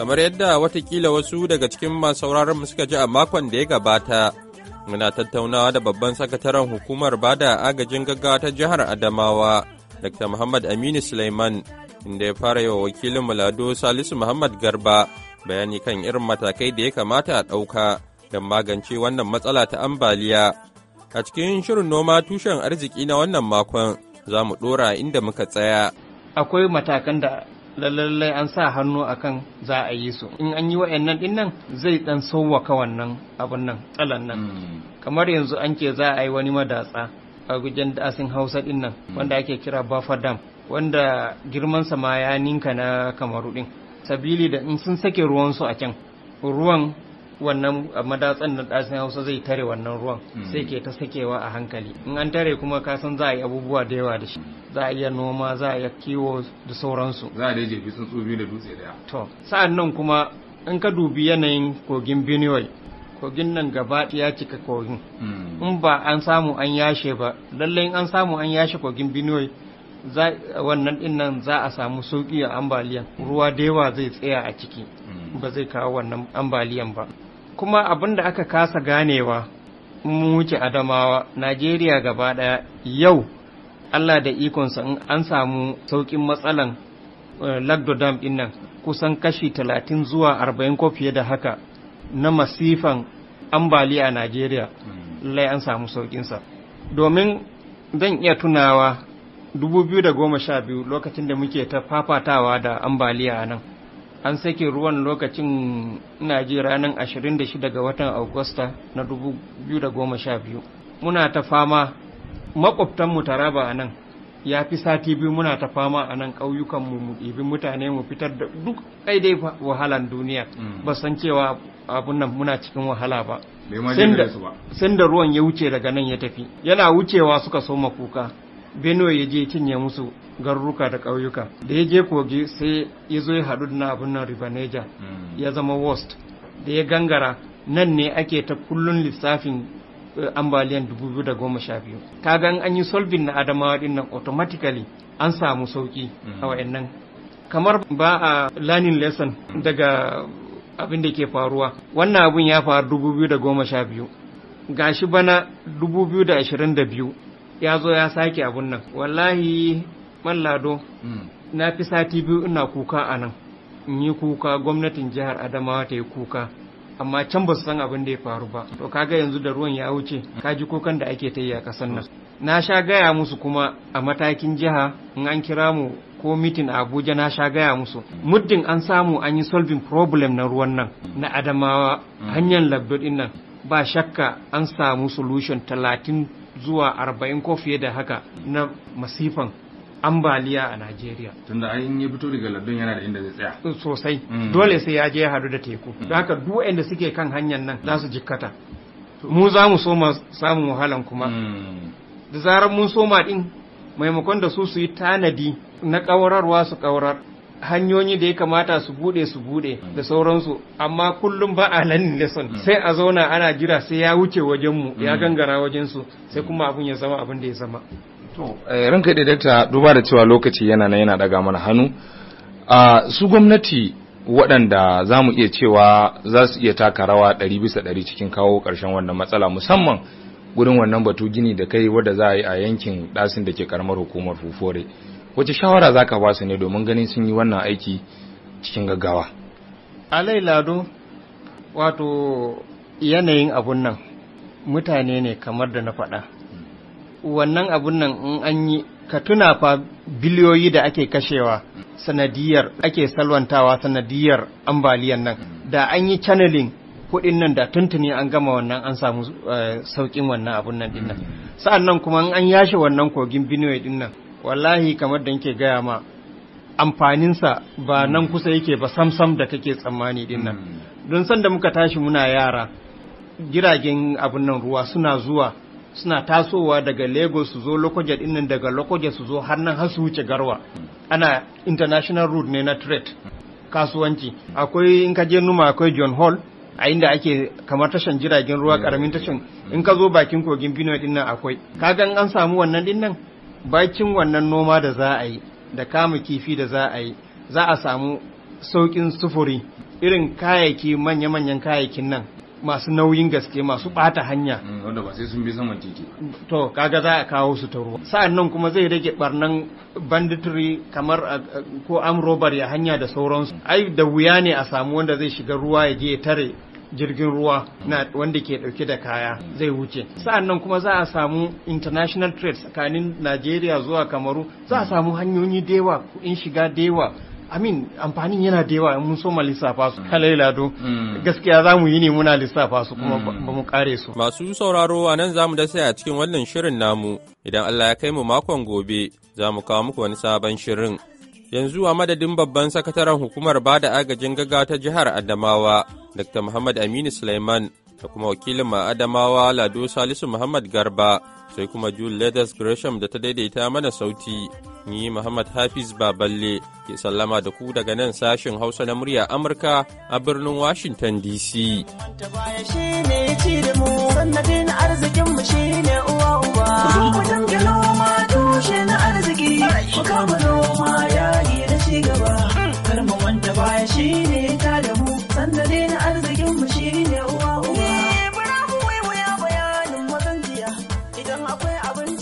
kamar yadda watakila wasu daga cikin masu sauraron mu suka ji a makon da ya gabata muna tattaunawa da babban sakataren hukumar bada agajin gaggawa ta jihar adamawa dr muhammad aminu suleiman inda ya fara yi wa wakilin mulado salisu muhammad garba bayani kan irin matakai da ya kamata a ɗauka don magance wannan matsala ta ambaliya a cikin shirin noma tushen arziki na wannan makon za mu ɗora inda muka tsaya akwai matakan da lallai an sa hannu akan za a yi su in an yi wa'annan din nan zai dan sauwaka wannan abin nan tsalan nan hmm. kamar yanzu an ke za a yi wani madatsa a gujen asin hausa din nan hmm. wanda ake kira buffer dam wanda girmansa ma ya ninka na kamaru din sabili da in sun sake ruwan su a can ruwan wannan madatsan na ɗasin hausa zai tare wannan ruwan hmm. sai ke ta sakewa a hankali in an tare kuma ka san za a yi abubuwa da yawa da shi za a iya noma za a iya kiwo da sauransu za a daje jefi tsuntsu biyu da dutse daya to sa'an nan kuma in ka dubi yanayin kogin biniwai kogin nan gaba ya cika kogin hmm. in ba an samu an yashe ba lallai an samu an yashe kogin biniwai wannan din nan za a samu sauki a ambaliyan ruwa da yawa zai tsaya a ciki hmm. ba zai kawo wannan ambaliyan ba kuma abin da aka kasa ganewa muke adamawa najeriya gaba ɗaya yau allah da ikonsa in an samu sauƙin matsalan eh, lagdodam din nan kusan kashi talatin zuwa arba'in ko fiye da haka na masifan ambaliya a najeriya hmm. lai an samu sauƙinsa domin zan iya tunawa 2012 lokacin da muke ta fafatawa da ambaliya a nan an sake ruwan lokacin ina ji ranar 26 ga watan agusta na 2012 muna ta fama makwabtanmu taraba a nan ya fi sati biyu muna ta fama a nan ƙauyukanmu mu ibi mutane mu fitar da duk kai dai wahalan duniya mm. ba san cewa abun nan muna cikin wahala ba sun da ruwan ya wuce daga nan ya tafi yana wucewa suka soma kuka benue ya je cinye musu garuruka da ƙauyuka da ya je kogi sai ya zo ya haɗu na abin nan ribaneja hmm. ya zama worst da ya gangara nan ne ake ta kullun lissafin eh, ambaliyan 2012 gan an yi solving na adamawa din nan automatically an samu sauki a hmm. wayannan kamar ba a learning lesson daga abin da ke faruwa wannan abin ya faru 2012 gashi bana 2022 ya zo ya sake abun nan wallahi mallado hmm. na fi sati biyu ina kuka a nan in yi kuka gwamnatin jihar adamawa ta yi kuka amma can ba su san abin da ya faru ba to kaga yanzu da ruwan ya wuce ka ji kukan da ake ta yi a kasan nan na sha gaya musu kuma a matakin jiha in an kira mu ko mitin a abuja na sha gaya musu muddin an samu an yi solving problem na ruwan nan na adamawa hmm. hanyar labdo din nan ba shakka an samu solution talatin zuwa arba'in ko fiye da haka na masifan ambaliya a Najeriya. Tunda an yi fito daga London yana da inda zai tsaya. Eh, sosai. Mm. Dole sai ya je ya hadu da teku. Mm. Da haka duk waɗanda suke kan hanyar nan za su jikkata. Mu za mu soma samun wahalan kuma. Mm. Da zarar mun soma ɗin maimakon da su su yi tanadi na ƙaurarwa su ƙaurar hanyoyi da ya kamata su bude su bude da sauransu amma kullum ba a nan lesson mm. sai a zauna ana jira sai ya wuce wajen ya mm. gangara wajen sai kuma abun ya zama abin da ya zama eh, ranka da data duba da cewa lokaci yana na yana daga mana hannu su gwamnati waɗanda za mu iya cewa za su iya taka rawa ɗari bisa ɗari cikin kawo ƙarshen wannan matsala musamman gurin wannan batu gini da kai wadda za a yi a yankin ɗasin da ke ƙaramar hukumar fufore wace shawara za ka basu ne domin ganin sun yi wannan aiki cikin gaggawa a lado wato yanayin abun nan mutane ne kamar da na faɗa wannan abun nan in an yi ka tuna fa biliyoyi da ake kashewa sanadiyar ake salwantawa sanadiyar ambaliyan nan da an yi channeling kuɗin nan da tuntuni an gama wannan an samu eh, sauƙin wannan abun nan din nan sa'an nan kuma an yashe wannan kogin biniyoyi dinnan. wallahi kamar da nke gaya ma amfaninsa ba hmm. nan kusa yake ba samsam da kake tsammani din nan hmm. don sanda muka tashi muna yara jiragen abin nan ruwa suna zuwa suna tasowa daga lagos su zo lokoja din nan daga lokoja su zo har nan har su wuce garwa hmm. ana international route ne na trade kasuwanci akwai in ka je numa akwai john hall a inda ake kamar tashan jiragen ruwa karamin tashan in ka zo bakin kogin Benue din nan akwai kaga an samu wannan din nan bakin wannan noma da za a yi da kama kifi da za a yi za a samu sauƙin sufuri irin kayayyaki manya-manyan kayayyakin nan masu nauyin gaske masu ɓata hanya mm, wanda ba sai sun bi saman titi to kaga za a kawo su ta ruwa sa'an nan kuma zai rage barnan banditry kamar ko amrobar ya hanya da sauransu ai da wuya ne a samu wanda zai shiga ruwa ya je tare jirgin ruwa na wanda ke dauke da kaya zai wuce sa'an nan kuma za a samu international trade tsakanin Najeriya zuwa Kamaru za a samu hanyoyi dewa kudin shiga dewa amin amfanin yana da yawa mun so ma lissafa su mm. kalai lado mm. gaskiya za mu yi ne muna lissafa su kuma ba mm. mu kare su masu sauraro a nan za mu da a cikin wannan shirin namu idan Allah ya kai mu makon gobe za mu kawo muku wani sabon shirin yanzu a madadin babban sakataren hukumar bada agajin gaga ta jihar Adamawa, Dr. Muhammad Aminu Sulaiman da kuma wakilin Adamawa Lado Salisu Muhammad Garba, sai kuma Jule Leathers Gresham da ta daidaita mana sauti. Ni Muhammad Hafiz Baballe ke sallama da ku daga nan sashen Hausa na murya Amurka a birnin Washington DC. Kuka mu na arziki, ci gaba kar mu wanda baya shi